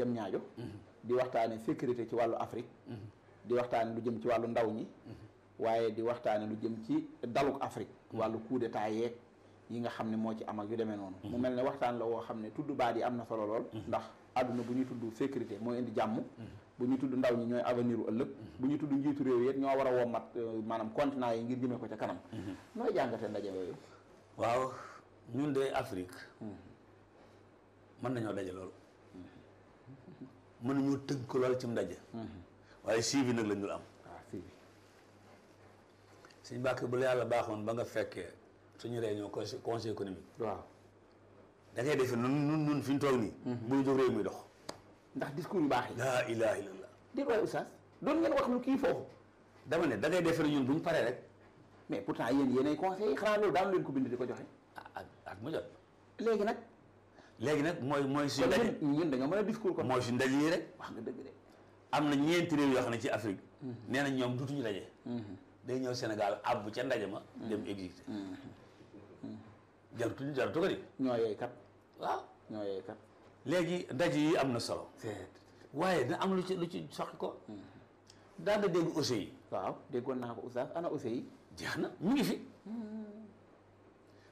jam ñaajo di waxtaane sécurité ci wàllu Afrique di waxtaane lu jëm ci wàllu ndaw ñi waaye di waxtaane lu jëm ci daluk Afrique wàllu coup d'état yeeg yi nga xam ne moo ci amag yu demee noonu mu mel ne waxtaan la woo xam ne tudd baat yi am na solo lool ndax àdduna bu ñuy tudd sécurité mooy indi jàmm bu ñu tudd ndaw ñi ñooy avenir u ëllëg bu ñu tudd njiitu réew yépp ñoo war a wommat euh, maanaam continent yi ngir jëmee ko ca kanam nooy jàngate ndaje yooyu waaw ñun de hmm. nañoo daje mënuñu ko lool ci ndaje. Mhm. waaye suivi nag la ñu am. waaw ah, suivi. suñu bu la yàlla baaxoon ba nga fekkee suñu réunion conseil conseil économique. waaw da ngay defee nun nun nun ñu toog nii. Mhm. bu ñu jóg réew dox. ndax discours yu baax yi. laa ilaaha illallah. déet waaye oustaz doon ngeen wax kii foofu. dama ne da ngay defee ñun bu ñu paree rek. mais pourtant yéen yéenay conseil xanaa loolu daal leen ko bind di ko joxe. Ah, ak ak mu jot. léegi nag. léegi nag mooy mooy suñu ndaje ñun da nga mën a discours kon mooy suñu ndaje yi rek wax nga dëgg de am na ñeenti réew yoo xam ne ci Afrique mhm. nee na ñoom dutuñu daje mhm. day ñëw Sénégal àbb ca ndaje ma mhm. dem exécuté jarutuñu jarutu ko di ñoo yey kat waaw ñoo yey kat léegi ndaje yi am na solo waaye da am lu ci lu ci soqi ko daan da dégg ause yi waaw déggoon naa ko oustaz ana ause yi jeex na mu ngi fi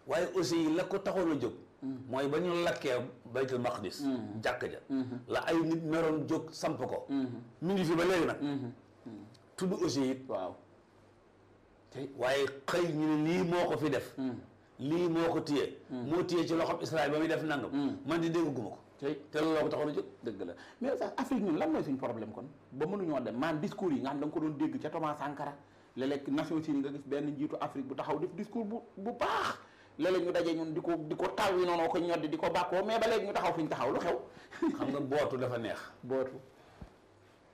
waaye ause yi la ko taxoon a jóg mooy ba ñu lakkee baytul maqdis mm-hmm. jàkk ja mm-hmm. la ay nit meroon jóg samp ko mu mm-hmm. ngi fi ba léegi nag tudd aussi it waaw waaye xëy ñu ne lii moo ko fi def mm. lii moo ko téye mm. moo téye ci loxob Israël ba muy def nangam mm. man di dégg guma ko te looloo ko taxoon a jóg dëgg la mais sax Afrique ñun lan mooy suñu problème kon ba mënuñoo dem maanaam discours yi nga xam da ko doon dégg ca Thomas Sankara léeg-léeg Nations Unies nga gis benn njiitu Afrique bu taxaw def discours bu bu baax léeg-léeg ñu daje ñun di ko di ko taw yi noonu ko ñoddi di ko bàkkoo mais ba léegi ñu taxaw fi ñu taxaw lu xew. xam nga bootu dafa neex. bootu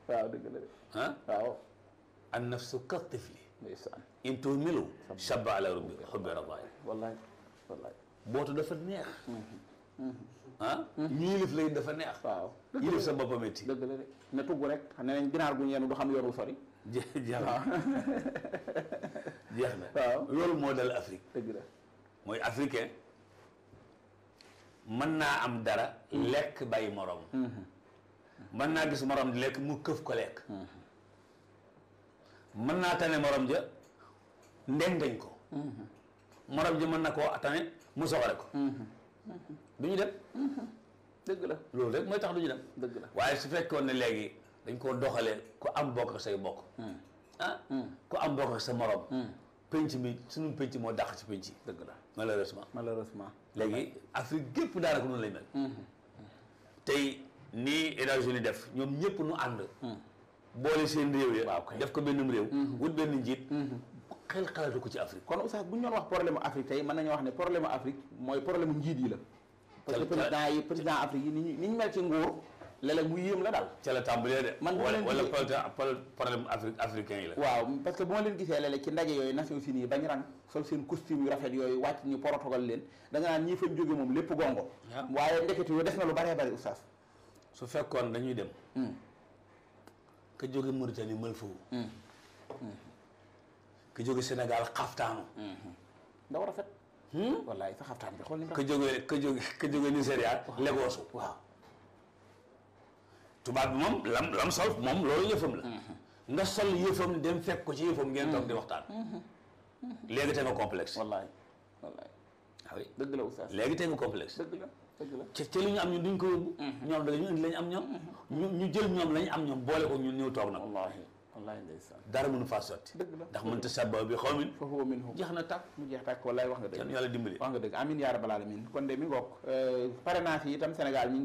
waaw dëgg la de. ah waaw. an nafsu ka tifli. ndeysaan bootu dafa neex. ah. Mhm. ñu mhm. mhm. yilif lay dafa neex. waaw yilif sa bopp métti. dëgg la de ne tugg rek xam ne nañ ginaar gu ñu yenu du xam yoonu sori. jeex na jeex na. waaw loolu moo dal Afrique. dëgg la. mooy africain mën naa am dara lekk bàyyi morom mën naa gis morom di lekk mu këf ko lekk mën naa tane morom ja dañ ko morom ja mën na koo tane mu soxore ko du ñu dem dëgg la loolu rek mooy tax du ñu dem dëgg la waaye su fekkoon ne léegi dañ koo doxalee ku am bokk say bokk hmm. ah hmm. ku am bokk sa morom hmm. penc mi sunu penc moo dàq ci penc dëgg la malheureusement malheureusement. léegi Afrique gépp daanaka noonu lay mel. Mm-hmm. tey ni États-Unis def ñoom ñëpp nu ànd. Mm. boole seen réew ya. def ko benn réew. Mm-hmm. wut benn njiit. Mm-hmm. xel xalaatu ko ci Afrique. kon Oustaz bu ñu doon wax problème Afrique tey mën nañoo wax ne problème Afrique mooy problème njiit yi la. parce que président yi ni ñu mel ci nguur. léeg-léeg mu yéem la daal ca la tàmbalee de man wala problème afrique africain yi la waaw parce que bu ma leen gisee léeg-léeg ci ndaje yooyu Nations Unies bañ rang sol seen costume yu rafet yooyu wàcc ñu protocole leen da nga naan ñii fañ jóge moom lépp gongo waaye ndekete yoo def na lu baree bari oustaz su fekkoon dañuy dem hmm. ka jóge Mauritanie mël fawu hmm. hmm. ka jóge Sénégal xaftaanu ndaw rafet wallaay sa xaftaan bi xool ni ka jóge ka jóge ka jóge Nigeria legoosu waaw tubaab bi moom lam lam sol moom loolu yëfam la mm-hmm. nga sol yëfam dem fekk ko ci yëfam ngeen toog di mm-hmm. waxtaan mm-hmm. léegi te nga complexe wallaay wallaay ah oui léegi te nga complexe la dëgg la ca li ñu am ñun duñ ko yóbbu ñoom dañu indi lañ am ñoom ñu ñu jël ñoom lañ am ñoom boole ko ñu ñëw toog nag wallaahi wallaahi ndeysaan dara mënu faa sotti dëgg la ndax mënta sabba bi xawmin fa huwa minhum jeex na tàkk mu jeex tàkk wallaay wax nga dëgg yàlla dimbali wax nga dëgg amin yaa rabbal alamin kon de mi ngoog euh, pare naa fi itam Sénégal